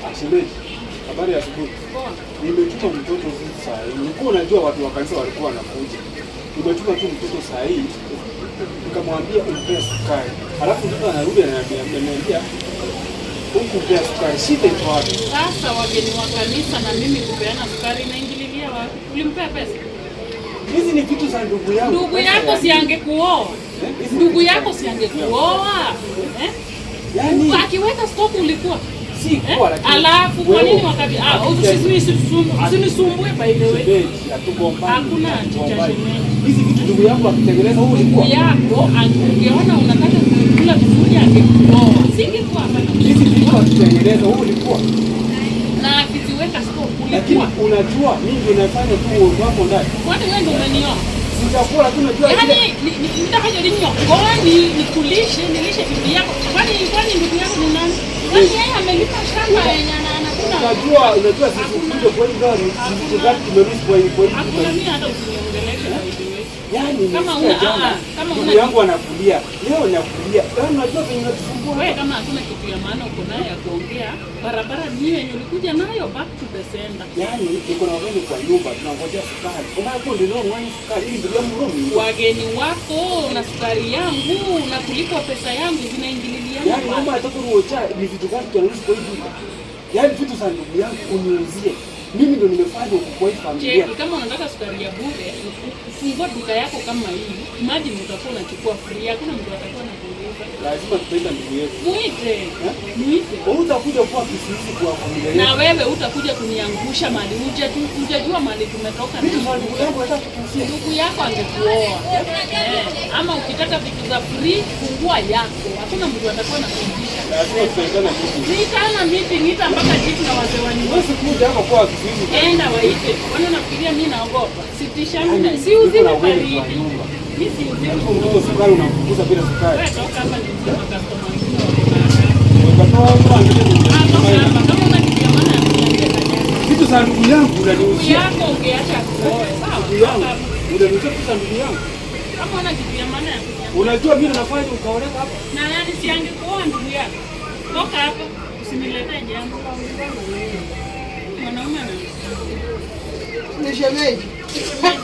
Shemeji, habari ya asubuhi. Nimetuma mtoto hii saa hii. Nilikuwa najua watu wa kanisa walikuwa wanakuja. Nimetuma tu mtoto saa hii nikamwambia umpea sukari. Alafu mtoto anarudi ananiambia ananiambia huku umpea sukari. Shida iko wapi? Sasa wageni wa kanisa na mimi kupeana sukari na ingililia wapi? Ulimpea pesa? Hizi ni vitu za ndugu yangu. Ndugu yako si angekuoa. Eh, ndugu yako si angekuoa. Eh? Yaani akiweka stoku ulikuwa Alafu kwa nini wakati usinisumbue by the way. Hakuna hizi vitu ndugu yako akitengeneza huyu ulikuwa. Yako angeona unataka kula vizuri angekuoa. Singekuwa hapa. Hizi vitu akitengeneza huyu ulikuwa. Na akiziweka sio kule. Lakini unajua mimi nafanya tu wako ndani. Kwani wewe ndio unanioa? Sijakula tu najua. Yaani nitafanya nini? Kwani nikulishe nilishe bibi yako? Kwani kwani ndugu yako ni nani? Kwani yeye Unajua, unajua sisi kuja kwa hii gari, sisi gari tumeruhusu kwa hii kwa Yani kama una ah, kama una yangu anakulia leo nakulia yaani, unajua venye unatusumbua wewe. Kama hakuna kitu ya maana uko ya kuongea, barabara ni yenye ulikuja nayo back to the center. Yaani, na wageni kwa nyumba, tunangojea sukari. ndio sukari ili ndio wageni wako na sukari yangu na kulipa pesa yangu zinaingililia. Yani mama atakuruocha ni vitu gani tunaruhusu kwa yaani, vitu za ndugu yangu uniuzie mimi ndo nimefanya ukubwa familia. Je, kama unataka sukari ya bure, fungua duka yako kama hii. Imagine utakuwa unachukua free, hakuna mtu atakuwa anakuuliza. Lazima tupenda ndugu yetu. Muite. Eh? Muite. Wewe utakuja kuwa kisisi kwa familia yetu. Na wewe utakuja kuniangusha mali uje tu unajua mali tumetoka. Mimi mali yangu hata kukusia. Ndugu yako angekuoa. Eh, ama ukitaka vitu za free, fungua yako. Hakuna mtu atakuwa anakuuliza. Lazima tutaitana meeting. Nitaitana meeting, nita mpaka chief na wazee wa nyumba. Wewe sikuja hapa kwa enda waite. Wana nafikiria mimi naogopa, sitishani na si uzima baridi. Mimi si uzima. Ndio sukari unapunguza bila sukari. Wewe toka hapa ndio kama customer. Vitu za ndugu yangu unaniuzia. Yako ungeacha kuoa. Sawa. Unaniuzia vitu za ndugu yangu. Kama una kitu ya maana ya kunyama. Unajua mimi nafanya ukaoleka hapa. Na nani siangekuoa ndugu yako? Toka hapa usiniletee jambo. Ligeiramente.